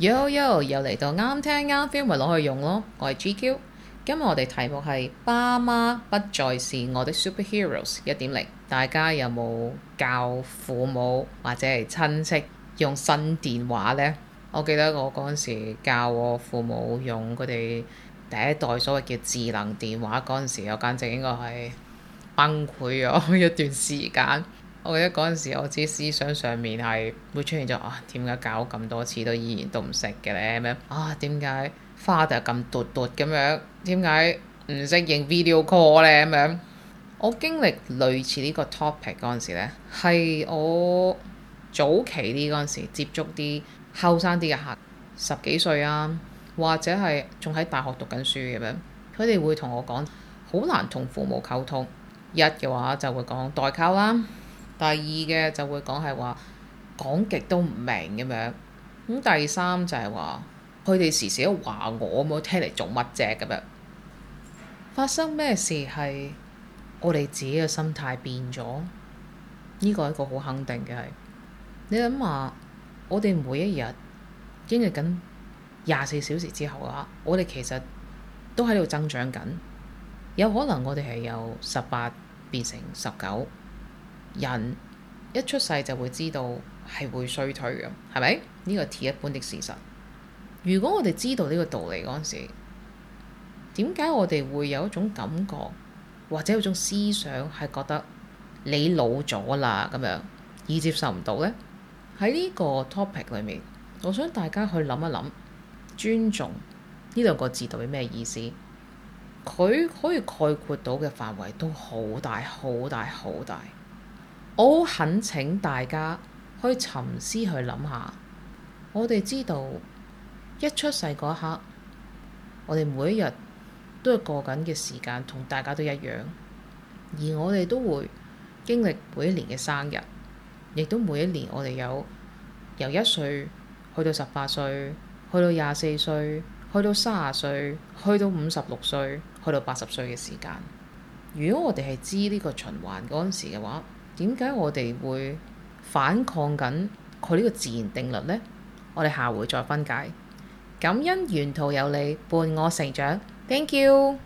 Yo yo，又嚟到啱聽啱 feel，咪攞去用咯，我係 GQ，今日我哋題目係爸媽不再是我的 Superheroes 一點零，大家有冇教父母或者係親戚用新電話咧？我記得我嗰陣時教我父母用佢哋第一代所謂嘅智能電話嗰陣時，我簡直應該係崩潰咗一段時間。我記得嗰陣時，我知思想上面係會出現咗啊，點解搞咁多次都依然都唔識嘅咧？咁樣啊，點解花就咁咄咄咁樣？點解唔識用 video call 咧？咁樣啊我經歷類似呢個 topic 嗰陣時咧，係我早期呢嗰陣時接觸啲後生啲嘅客，十幾歲啊，或者係仲喺大學讀緊書咁樣，佢哋會同我講好難同父母溝通，一嘅話就會講代溝啦。第二嘅就會講係話講極都唔明咁樣，咁第三就係話佢哋時時都話我冇聽嚟做乜啫咁樣。發生咩事？係我哋自己嘅心態變咗？呢個係一個好肯定嘅係。你諗下，我哋每一日經歷緊廿四小時之後啊，我哋其實都喺度增長緊。有可能我哋係由十八變成十九。人一出世就會知道係會衰退嘅，係咪？呢個鐵一般的事實。如果我哋知道呢個道理嗰陣時，點解我哋會有一種感覺，或者有種思想係覺得你老咗啦咁樣，而接受唔到呢？喺呢個 topic 裏面，我想大家去諗一諗，尊重呢兩個字到底咩意思？佢可以概括到嘅範圍都好大、好大、好大。我好懇請大家去沉思去諗下。我哋知道一出世嗰一刻，我哋每一日都係過緊嘅時間，同大家都一樣。而我哋都會經歷每一年嘅生日，亦都每一年我哋有由一歲去到十八歲，去到廿四歲，去到三十歲，去到五十六歲，去到八十歲嘅時間。如果我哋係知呢個循環嗰陣時嘅話。點解我哋會反抗緊佢呢個自然定律呢？我哋下回再分解。感恩沿途有你伴我成長，Thank you。